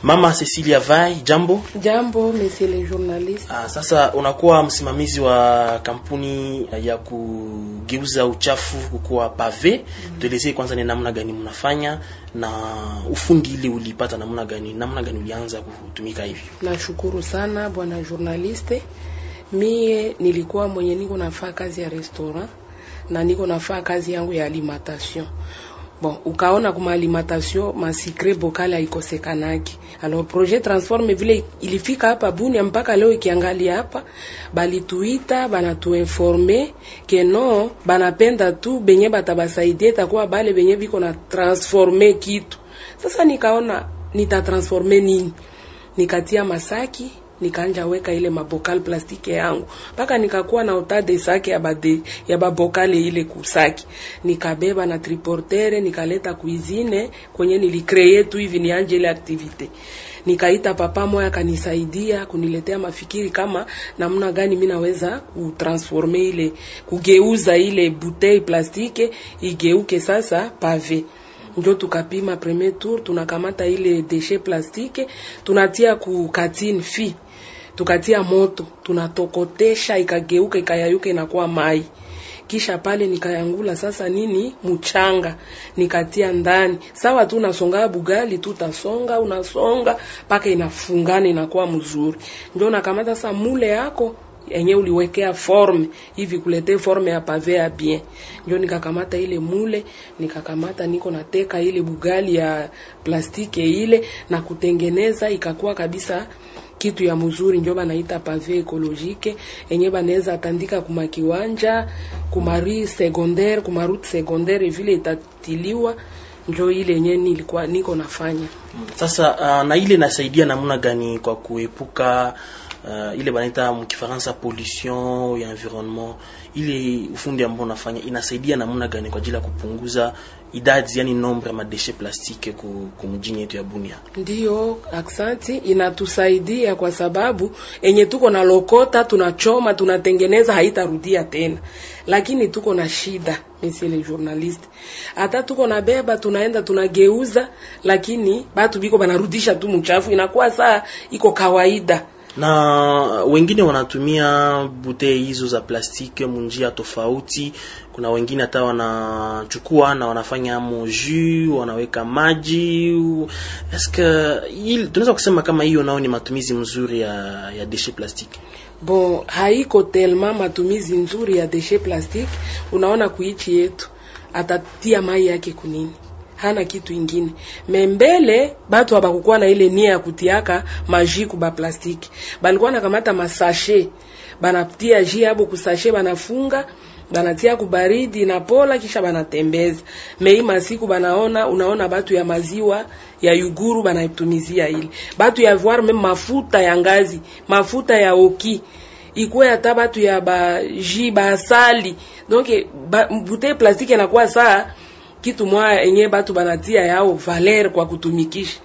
Mama Cecilia Vai, jambo. Jambo monsieur le journaliste. Ah, sasa unakuwa msimamizi wa kampuni ya kugeuza uchafu kukuwa pave. Mm -hmm. Tuelezee kwanza ni namna gani mnafanya na ufundi ile ulipata namna gani? Namna gani ulianza kutumika hivi? Nashukuru sana bwana journaliste. Mie nilikuwa mwenye niko nafaa kazi ya restaurant na niko nafaa kazi yangu ya alimentation bon ukaona kuma alimentation masikre bokale haikosekanaki. Alors projet transforme vile ilifika hapa Bunia mpaka leo ikiangali hapa, balituita banatuinforme keno banapenda tu benye batabasaidia takuwa bale benye biko na transforme kitu. Sasa nikaona nitatransforme nini, nikatia masaki nikaanja weka ile mabokali plastiki yangu mpaka nikakuwa na utade sake ya bade, ya babokali ile kusaki nikabeba na triportere nikaleta kuizine kwenye nilicree tu hivi nianje ile activite nikaita papa moya akanisaidia kuniletea mafikiri kama namna gani mimi naweza kutransforme ile kugeuza ile bouteille plastike igeuke sasa pave njo tukapima premier tour, tunakamata ile deshe plastike tunatia katine fi tukatia moto tunatokotesha, ikageuka ikayayuka, inakuwa mai. Kisha pale nikayangula sasa nini mchanga, nikatia ndani sawa tu, nasonga bugali tu, tasonga unasonga mpaka inafungana, inakuwa mzuri. Ndio nakamata sasa mule yako yenye uliwekea forme hivi kulete forme ya pave ya bien. Ndio nikakamata ile mule, nikakamata niko nateka ile bugali ya plastiki ile na kutengeneza ikakuwa kabisa kitu ya mzuri, ndio banaita pave ekolojike enye banaweza atandika kuma kiwanja kuma rue secondaire kuma route secondaire vile itatiliwa njo ile yenye nilikuwa niko nafanya sasa. Uh, na ile nasaidia namna gani kwa kuepuka uh, ile banaita mkifaransa pollution ya environment, ile ufundi ambao unafanya inasaidia namna gani kwa ajili ya kupunguza idadi yani nombre ya madeshe plastike kumjini yetu ya Bunia? Ndiyo, aksanti, inatusaidia kwa sababu enye tuko na lokota, tunachoma, tunatengeneza, haitarudia tena, lakini tuko na shida Monsieur le journaliste, hata tuko na beba, tunaenda tunageuza, lakini batu biko banarudisha tu mchafu, inakuwa saa iko kawaida na wengine wanatumia butei hizo za plastiki munjia tofauti. Kuna wengine hata wanachukua na wanafanya moju, wanaweka maji. Eske tunaweza kusema kama hiyo nao ni matumizi mzuri ya, ya deshe plastiki? Bon, haiko telma matumizi nzuri ya deshe plastiki. Unaona kuichi yetu atatia mai yake kunini hana kitu ingine membele. Batu abakukuwa na ile nia ya kutiaka maji ku ba plastiki, balikuwa nakamata masashe banatia ji hapo kusashe, banafunga banatia kubaridi na pola, kisha banatembeza mei masiku banaona. Unaona batu ya maziwa ya yuguru banaitumizia ile batu ya voir meme mafuta ya ngazi, mafuta ya oki ikuwe hata batu ya baji basali donc ba, butei plastiki yanakuwa saa kitu mwa enye batu banatia yao valer kwa kutumikisha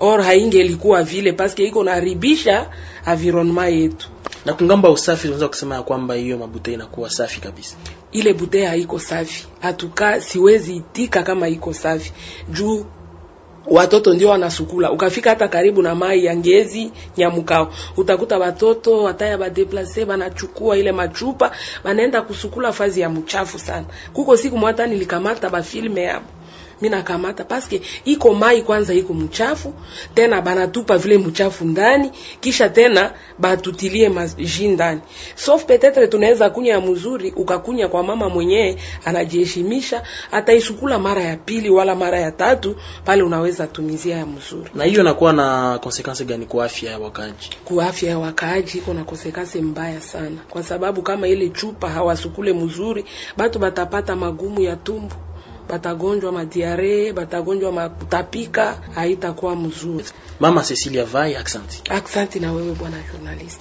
or likuwa vile paske iko naharibisha environment yetu. Na kungamba usafi, unaweza kusema ya kwamba hiyo mabute inakuwa safi kabisa. Ile bute haiko safi, hatuka siwezi itika kama iko safi juu watoto ndio wanasukula, ukafika hata karibu na mai ya ngezi nyamukao, utakuta watoto wataya badeplase banachukua ile machupa banaenda kusukula fazi ya mchafu sana. Kuko siku mwata nilikamata bafilme yabo mimi nakamata paske iko mai kwanza iko mchafu, tena banatupa vile mchafu ndani, kisha tena batutilie maji ndani. Sauf peut-être tunaweza kunya ya mzuri, ukakunya kwa mama mwenyewe anajiheshimisha, ataisukula mara ya pili wala mara ya tatu, pale unaweza tumizia ya mzuri. Na hiyo inakuwa na konsekansi gani kwa afya ya wakaaji? Kwa afya ya wakaaji iko na konsekansi mbaya sana, kwa sababu kama ile chupa hawasukule mzuri, batu batapata magumu ya tumbo batagonjwa madiare, batagonjwa makutapika, haitakuwa mzuri. Mama Cecilia Vai, aksanti. Aksanti na wewe bwana journalist.